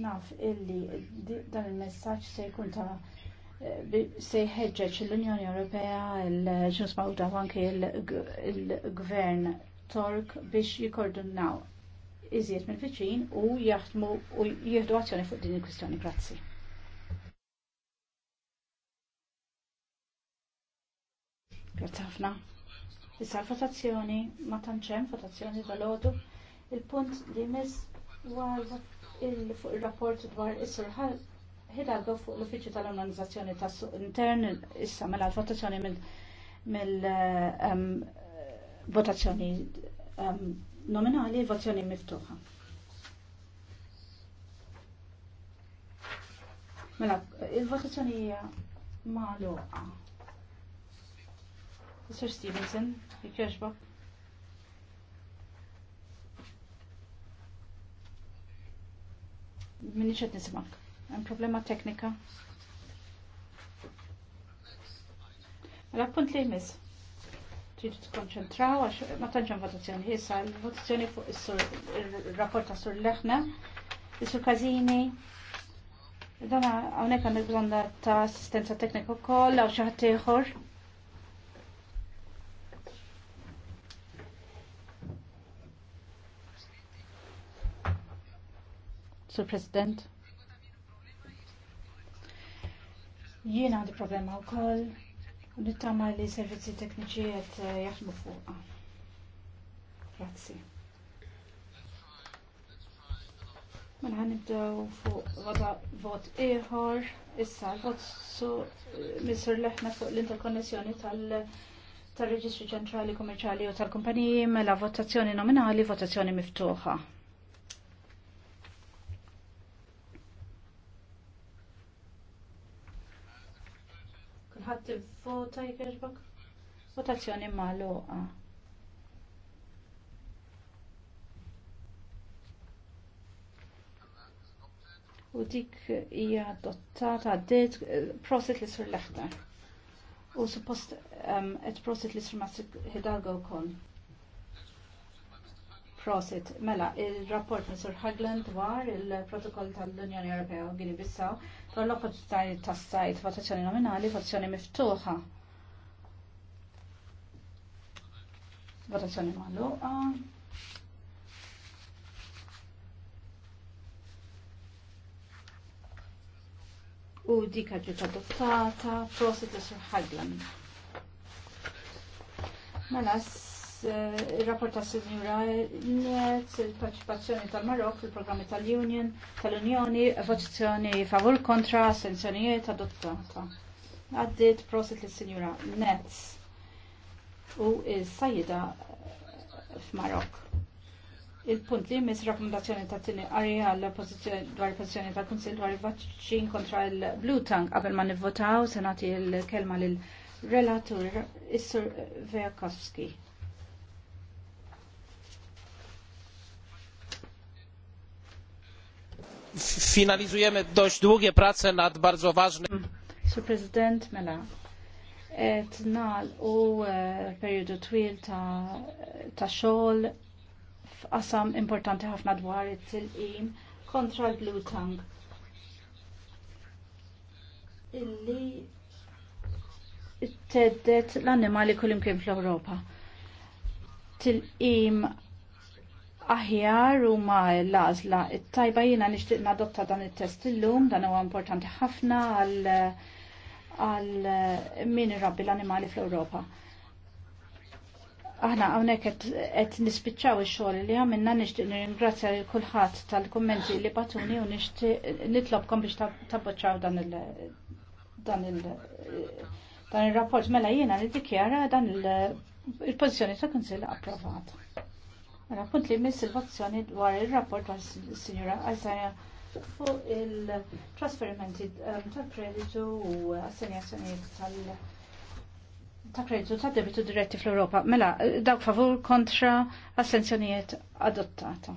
naf illi dan il-messaġġ se jkun ta' se jħeġġeġ l-Unjoni Ewropea, l-ġus mawda anke l-gvern Tork biex jikordunnaw iżjed minn fiċin u jaħdmu u jieħdu azzjoni fuq din il-kwistjoni. Grazzi. Grazzi ħafna. Issa l-votazzjoni ma tanċem votazzjoni dal Il-punt li mis huwa fuq il-rapport dwar is-sur Hidalgo fuq l-Uffiċċju tal-Organizzazzjoni tas-Suq Intern issa mela l-votazzjoni mill-votazzjoni nominali, votazzjoni miftuħa. Mela, il-votazzjoni hija magħluqa. Sir Stevenson, jekk jogħġbok. Minni ċed nisimak. Hemm problema teknika. Mela punt li jmiss. Tridu tikkonċentraw għax ma tantx hemm votazzjoni. Issa votazzjoni fuq ir-rapport Sur Leħna, is-Sur Kazini. Dan hawnhekk għandek bżonn ta' assistenza teknika wkoll u xi ħadd ieħor. Sir President. Jien għandi problema wkoll u nittama li servizzi tekniċi għet eh, jaħdmu fuqha. Grazzi. Man mela, ħanibdew fuq għada vot ieħor, issa vot su eh, misur leħna fuq l-interkonnessjoni tal- tal-Reġistru Ċentrali komerċali u tal-Kumpaniji mela votazzjoni nominali, votazzjoni miftuħa. Ħatti ivvota jkerbok? Votazzjoni magħluqa. U dik hija adottata għaddiet eh, prosit li sur l-aħtar. U suppost qed ehm, prosit li sur Mastri Hidalgo wkoll. Prosit, mela, il-rapport Mr. Hagland dwar il-protokoll tal-Unjoni Ewropea u Gini Bissaw dwar l-opportunitajiet sajt votazzjoni nominali, votazzjoni miftuħa. Votazzjoni magħluqa. U dik ġiet adottata, prosit li Mela, Eh, il-rapport ta' Sinjura Niet, il-parċipazzjoni tal-Marok fil-programmi tal-Union, tal-Unjoni, votazzjoni favur kontra, sanzjonijiet adottata. Għaddit prosit li Sinjura Net u il-sajida eh, f'Marok. Il-punt li mis rakkomandazzjoni ta' tini għarja l-oppozizjoni dwar il-pozizjoni ta' kunsil dwar il-vaċċin kontra il-Blue Tank qabel ma' nivvotaw senati il-kelma lil relatur Issur Vejakowski. finalizujemy dość długie prace nad bardzo ważnym. Sir President Mela, et nal u e, periodu twil ta', ta xogħol f'qasam importanti ħafna dwar it-tilqim kontra l-Blue Tongue. Illi teddet l-annimali kullimkien fl-Ewropa. Tilqim aħjar u ma l-azla. Tajba jina nishtiq nadotta dan il-test l-lum, dan huwa importanti ħafna għal għal min rabbi l-animali fl-Europa. Aħna għawnek għet nispiċċaw il-xol li għamilna nishtiq nirringrazzja l kulħadd tal-kommenti li batuni u nishtiq nitlobkom biex tabboċċaw dan il- dan il- dan il-rapport mela jiena nidikjara dan il-pozizjoni ta' konsil approvata. Għana punt li miss il vozzjoni dwar il-rapport għal signora Azaja fuq il-trasferimenti ehm, tal-kreditu u assenjazzjoni tal- ta' kreditu ta' debitu diretti fl-Europa. Mela, dawk favur kontra assenzjonijiet adottata.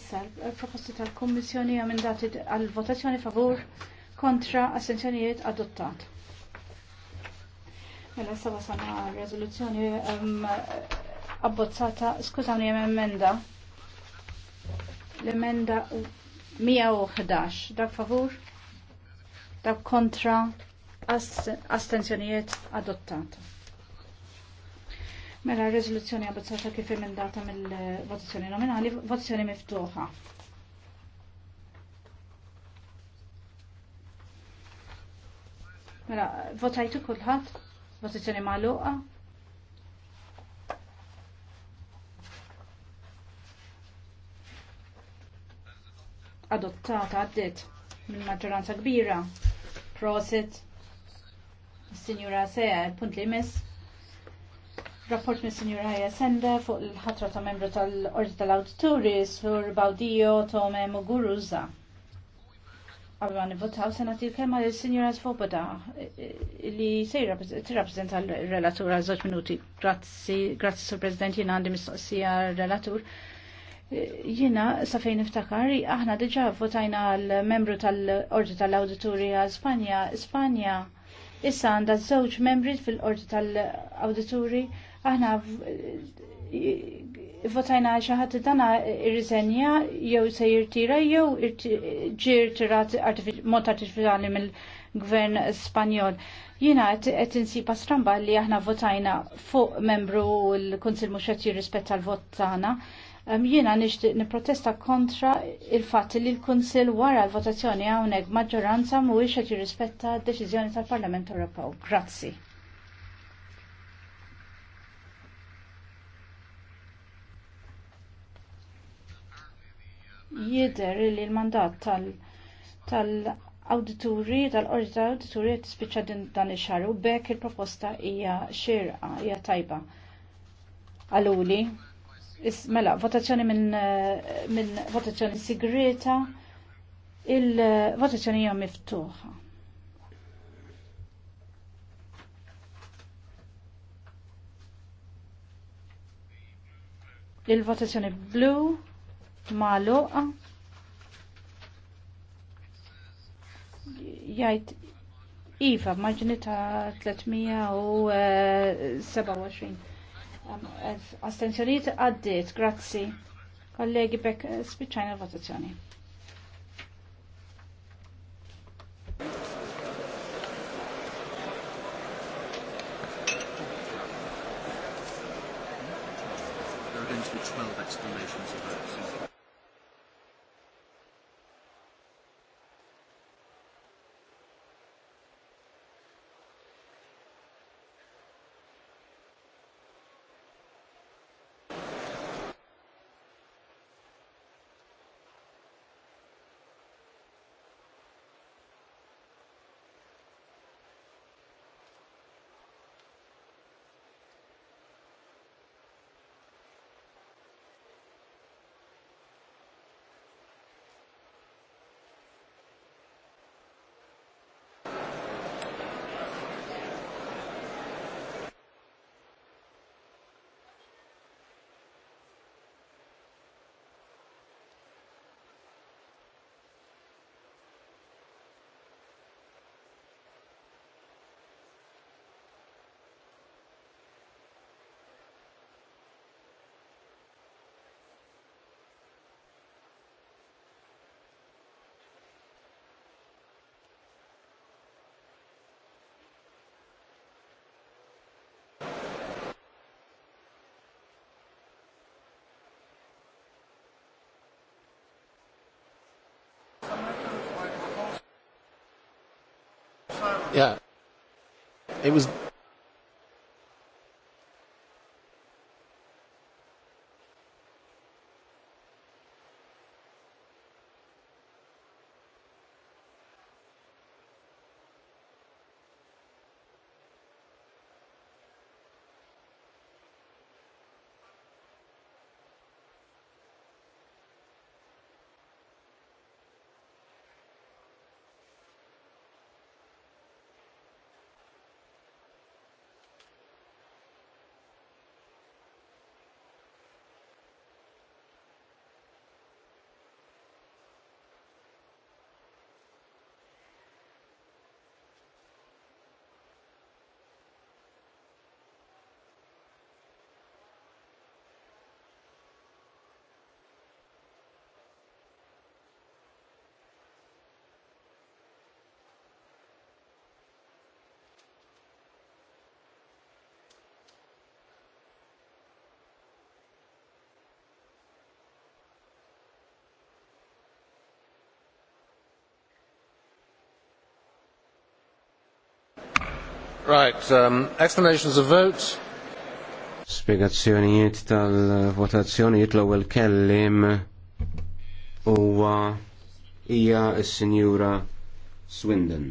Issa, proposti tal-Kommissjoni għamendati għal-votazzjoni favur kontra assenzjonijiet adottata. Mela sa wasalna rezoluzzjoni abbozzata, skużawni hemm emenda. L-emenda 111, dak favur, dak kontra, astenzjonijiet adottata. Mela rezoluzzjoni abbozzata kif emendata mill-votazzjoni nominali, votazzjoni miftuħa. Mela, votajtu kulħadd? Votazzjoni magħluqa. Adottata għaddiet mill maġġoranza kbira. Proset. Signora Sea, punt li jmiss rapport minn sinjura Ħajja Sende fuq il-ħatra ta' membru tal-Ordi tal-Awdituri sur Baudio Tome Muguruza. Għabba nivotaw senat il-kelma li s Svoboda eh, li sejra t-rapprezenta l-relatur għal zoċ minuti. Grazzi, grazzi sur President, jina għandi mistoqsija relatur. Eh, jina, safejn iftakar, aħna diġa votajna l-membru tal-Ordi tal-Auditori għal Spanja. Spanja issa għanda zoċ membri fil-Ordi tal-Auditori. Aħna eh, votajna xaħat dana irriżenja jew se jirtira jew ġi irtirat mod artifizjali mill-gvern Spanjol. Jina qed insiba stramba li aħna votajna fuq membru l-Kunsil mhux qed jirrispetta l-vot tagħna. Jiena nixtieq nipprotesta kontra il fat li l-Kunsil wara l-votazzjoni hawnhekk maġġoranza mhuwiex qed jirrispetta d-deċiżjoni tal-Parlament Ewropew. Grazzi. jidher li l-mandat tal-awdituri, tal-qorti tal-awdituri spiċċa dan ix-xahar u bekk il-proposta hija xirqa, hija tajba. Għaluli, mela, votazzjoni minn votazzjoni sigreta, il-votazzjoni hija miftuħa. il-votazzjoni blu maluq jajt Iva, maġni ta' 327. Eh, Astenzjoniet għaddit, grazzi. Kollegi bekk eh, spiċċajna l-votazzjoni. Yeah. It was Right, um, explanations of vote. Spiegazzjonijiet tal-votazzjonijiet l-ewwel kellim huwa hija s-Sinjura Swindon.